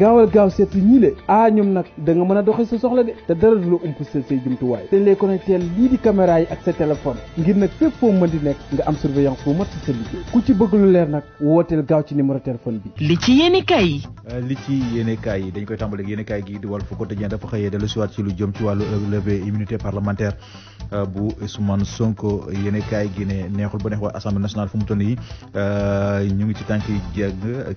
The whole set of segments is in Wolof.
gaawal gaaw seet si ñii le ah nag da nga mën a doxee sa soxla de te dara du la umpaseel say jumtuwaay dañ lay connecté lii di caméra yi ak sa téléphone ngir nag fépp foo mën di nekk nga am surveillance bu mat si sa liggéey ku ci bëgg lu leer nag wooteel gaaw ci numéro téléphone bi li ci euh, ci yéene kaay yi dañ koy tàmbale yéene kaay gi di Walf Quotidien dafa xëyee dellu siwaat ci lu jëm ci wàllu levée immunité parlementaire euh, bu Ousmane Sonko yéene kaay gi ne neexul ba neex waa assemblée nationale fu mu toll nii euh, ñu ngi ci tànk yi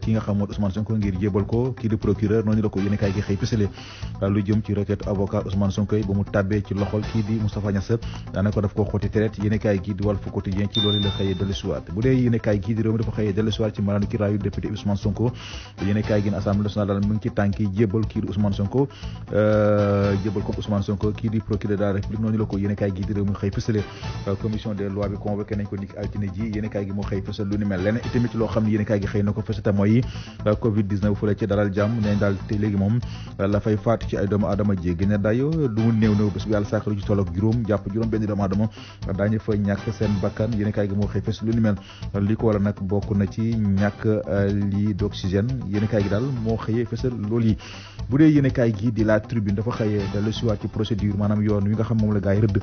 ki nga xam mooy Ousmane Sonko ngir jébal ko procureur noonu la ko yéene gi xëy pisale lu euh, de la République noonu la euh, nañ ko niki altine ji gi moo xëy pisal lu ni mel leneen itamit loo xam ne yéene gi xëy na ko fësata mooy euh, covid 19 fële ci dalal jàmm jàmm ne daal te léegi moom la fay faatu ci ay doomu aadama jéggi ne dayo du mu néew néew bés bu yàlla sàkkaru ci tolloog juróom jàpp juróom benn doomu aadama daañu fa ñàkk seen bakkan yéen gi moo euh, moo xëyee fesal loolu yi bu dee yéen gi di la tribune dafa xëyee da la siwaat ci procédure maanaam yoon wi nga xam moom la gaay rëdd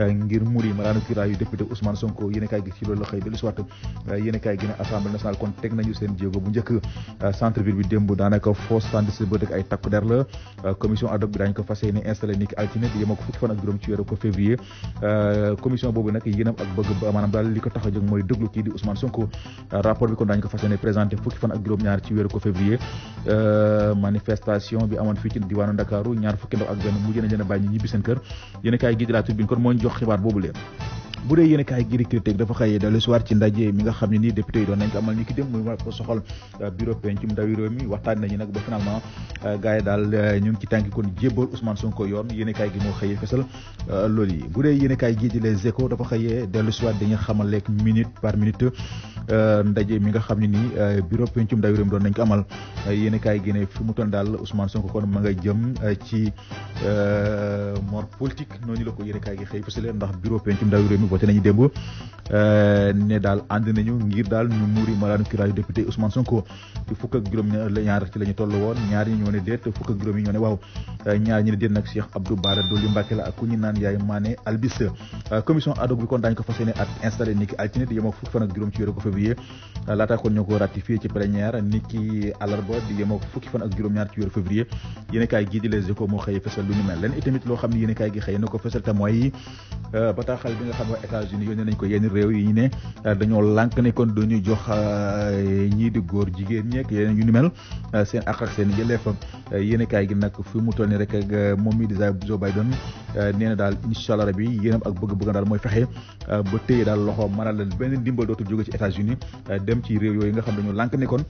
euh, ngir muri malaanu kiraa yu Sonko yéen gi ci loolu xëy da la siwaat euh, yéen gi ne assemblée nationale bu njëkk centre foos sandisi ba dëkk ay takku der la euh, commission ad bi daañ ko fas yéene installé ni ki altine di fukki fan ak juróom ci weeru ko février euh, commission boobu nag yéenam ak bëgg maanaam daal li ko tax a jóg mooy déglu kii di Ousmane Sonko euh, rapport bi kon daañu ko fas yéene présenté fukki fan ak juróom-ñaar ci weeru ko février manifestation bi amoon fii diwaanu Ndakaaru ñaar fukki ndaw ak benn mujj nañ leen a ñibbi seen kër yéen a bu dee yéen kaay gi di dafa xëy dellu si waat ci ndaje mi nga xam ne nii député yi doon ni ki wa ko soxal euh, bureau nañu nag ba finalement euh, gars daal euh, ñu ngi ci tànki kon jébbal Ousmane Sonko yoon yéen kaay gi di les dafa xëyee dellu si waat dañu xamal leeg minute par minute ndaje nga xam ne nii bureau pencum ndawi doon nañ ko amal yéen gi ne fi mu toll daal Ousmane Sonko kon ma nga jëm ci mort politique noonu la ko yéen kaay gi xëy fesal ndax bureau pencum ndawi voté nañu démb euh, ne daal ànd nañu ngir daal ñu muuri malaanu kiraayu député Ousmane Sonko fukk ak juróom ñaar ci la toll woon ñaar ñi ne déet fukk ak juróom yi ñoo ne waaw euh, la ak ku naan yaay Mané Albis euh, commission ad bi kon daañu ko fas at installé niki altine di yem fukk fan ak juróom ci weeru février laataa kon ñoo ko ratifié ci plénière niki àllarba di yem ak fan ak juróom-ñaar ci weeru février yéen kaay di les échos moo na ko États-Unis yónnee nañ ko yenn réew yi ñu ne euh, dañoo lànk ne kon duñu jox euh, ñii di góor jigéen ñeek yeneen yu ni mel euh, seen àq ak seen yelleef yéen kaay gi nag fi mu toll nii rek ak moom mii di Joe Biden nee na daal incha allah rabi yéenam ak bëgg-bëgg daal mooy fexe ba téye daal loxo maanaam benn ndimbal dootul jóge ci États-Unis dem ci réew yooyu nga xam dañoo lànk ne kon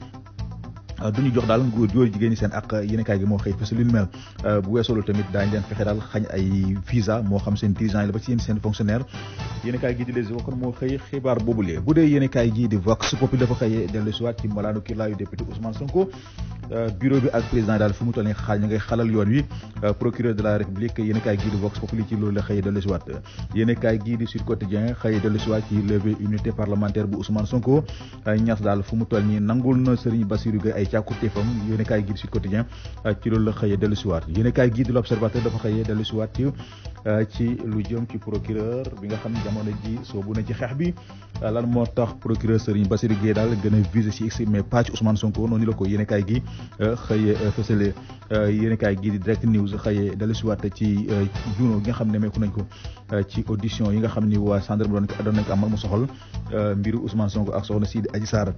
Euh, du ñu jox daal nguur yooyu jigéen seen ak yéenekaay gi moo xëy parce que lu mel euh, bu weesoolu tamit daañu leen fexe daal xañ ay visa moo xam seen dirigeant yi la ba ci yéen seen fonctionnaire yéenekaay gii di Les Échos kon moo xëy xibaar boobulee bu dee yéenekaay gii di Vox Populi dafa xëyee dellu si waat ci malaanu kilaayu député Ousmane Sonko Euh, bureau bi ak président daal fu mu toll nii xaal ñu ngay xalal yoon wi euh, procureur de la république yéen a di Vox Populi ci loolu la xëy a kaay gii di Sud Quotidien xëy dellu si waat ci levée unité parlementaire bu Ousmane Sonko ñas daal fu mu toll nii nangul na Serigne Bassirou ay càkkutéefam yéen a kaay di Sud Quotidien euh, ci loolu la xëy dellu si waat yéen a kaay gii di dafa xëy dellu si waat ci lu jëm ci procureur bi nga xam ne jamono ji soobu na ci xeex bi lan moo tax procureur Serigne Bassirou a visé ci mais Euh, xëye euh, fësale euh, yéen kaay gii di direct news xëye dalu si waat ci juno gi nga xam ne meeku nañ ko ci audition yi nga xam ni waa gendarmerie doon nañ ko amal mu soxal mbiru Ousmane ak soxna si di Adji Sarr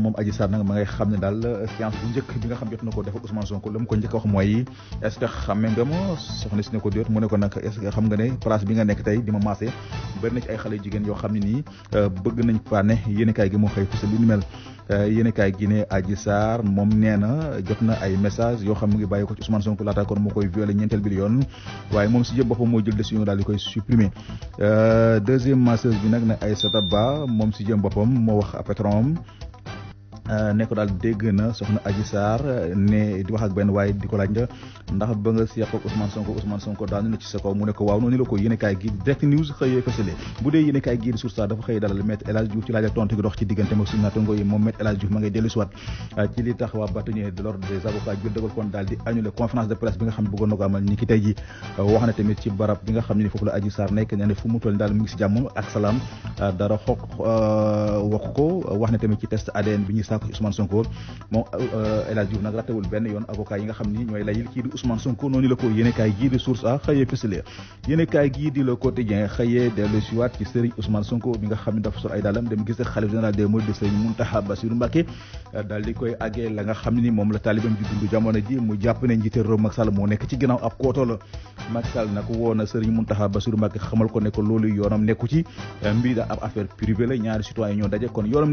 moom Adji Sarr nag xam ne daal séance bu njëkk bi nga xam jot na ko def Ousmane Sonko la mu ko njëkk wax mooy est ce que xame nga ma soxna si ne ko jot mu ne ko nag est xam nga ne place bi nga nekk tey di ma maase bëri ci ay xale jigéen yoo xam ne nii bëgg nañ faa ne yéen kaay gi moo xëy fësal lu ni mel Euh, yéen kaay gi ne Adji Sarr moom nee na jot na ay message yoo xam mu ngi bàyyi ko ci Ousmane Sonko laata kon moo koy violé ñeenteel bi yoon waaye moom si jëm boppam moo jël décision daal di koy supprimer euh, deuxième masseuse bi nag ne Aïssata Ba moom si jëm boppam moo wax patron Euh, ne ko daal dégg na soxna Adji Sarr euh, ne di wax benn waaye di laaj ndax ba nga seq ak Ousmane Sonko Ousmane Sonko daanu na ci sa mu ne waaw noonu la ko yéene kaay gii direct news xëyee fësale bu dee yéene kaay gii di dafa xëy dalal Maître El ci laaj ak tontu dox ci diggante mag suñu naatango yi moom Maître El ma ngay dellu siwaat euh, ci li tax waa bâtonnier de l'ordre des avocats jël daal di annulé conférence de presse bi nga xam attaque Ousmane Sonko moom euh, El Hadj Diouf nag rattewul benn yoon avocat yi nga xam ni ñooy layil kii di Ousmane Sonko noonu la ko yéene kaay gii di source a xëyee fësale yéene kaay gii di le quotidien xëyee dellu si waat euh, di koy àggee la nga xam ni moom la taalibam ji jamono ji mu jàpp ne njiite réew Macky moo nekk ci ginnaaw ab kootoo la nag woo na Serigne Mountakha Bassirou Mbacké xamal ko ne ko loolu yoonam nekku ci euh, mbiri da ab affaire privée la ñaari citoyen ñoo daje kon yoonam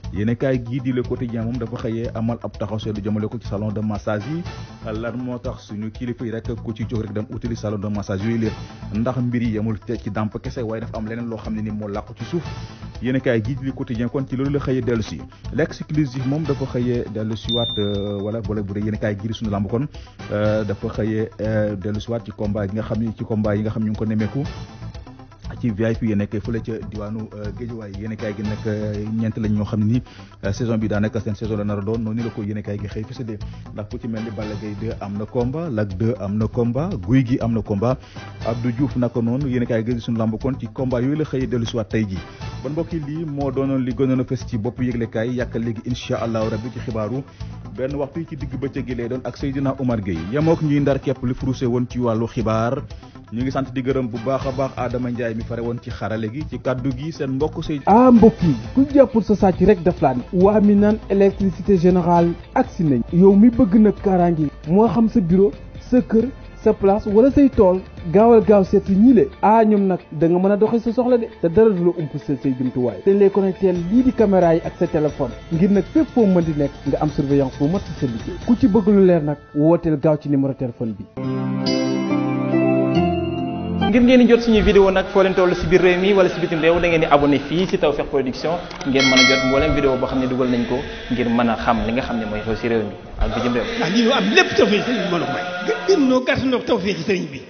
yéen kaay gii di Le Quotidien moom dafa xëyee amal ab taxaw seetlu jëmale ko ci salon de massage yi lan moo tax suñu kilifa rek ku ci jóg rek dem utili salon de massage yooyu lépp ndax mbir yi yemul ci dàmp kese waaye dafa am leneen loo xam ne ni moo làqu ci suuf yéen kaay gii di Le kon ci loolu la xëyee dellu si l'exclusif moom dafa xëyee dellu si waat euh, wala boole bu dee yéen kaay gii di suñu làmb kon euh, dafa xëyee euh, dellu si waat ci combat yi nga xam ne ci combat yi nga xam ko nemeeku ci VIP yi nekk fële ca diwaanu euh, Géejawaay yéen kaay gi nag euh, ñeent lañ ñoo xam ni euh, saison bi daanaka seen saison la nar a doon noonu la ko yéen kaay gi xëy fësadee ndax ku ci mel ni Balla Gaye 2 am na combat Lac 2 am na combat Guy gi am na combat Abdou Diouf naka noonu yéen kaay gi suñu lamb kon ci combat yooyu la xëy dellu si waat tey ji ban mbokki lii moo doonoon li gënoon a fës ci bopp yëglekaay yàq léegi incha allahu rabbi ci xibaaru benn waxtu yi ci digg bëccëg gi lay doon ak Seydina Omar Gueye yemook ñuy ndar képp li frusé woon ci wàllu xibaar ñu ngi sant di gërëm bu baax a baax Adama Ndiaye mi fare woon ci xarale gi ci kàddu gi seen mbokk say ah mbokk yi ku jàppul sa sàcc rek daf laa ne waa mi naan électricité générale si nañ yow mi bëgg nag kaaraange moo xam sa bureau sa kër sa place wala say tool gaawal gaaw seet si ñii le ah ñoom nag da nga mën a doxee sa soxla de te dara du la ump sa say jumtuwaay dañ lay connecté lii di caméra yi ak sa téléphone ngir nag fépp foo mën di nekk nga am surveillance bu mat si ku ci bëgg lu leer nag wooteel gaaw ci numéro téléphone bi ngir ngeen jot suñuy vidéo nag foo leen toll si biir réew mi wala si bitim réew da di abonné fii si Tawfekh Production ngeen mën a jot mboolem vidéo boo xam ne dugal nañ ko ngir mën a xam li nga xam ne mooy xew si réew mi ak bi mën a ko may. gën noo gàtt noo Tawfekh sëriñ bi.